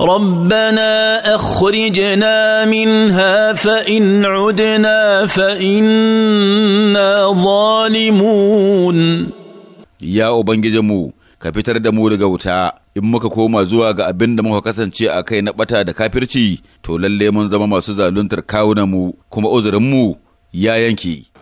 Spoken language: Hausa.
ربنا اخرجنا منها فان عدنا فانا ظالمون يا ubangijinmu ka fitar da mu daga wuta in muka koma zuwa ga abin da muka kasance a kai na bata da kafirci to lalle mun zama masu zaluntar kawunan mu kuma uzurinmu ya yanke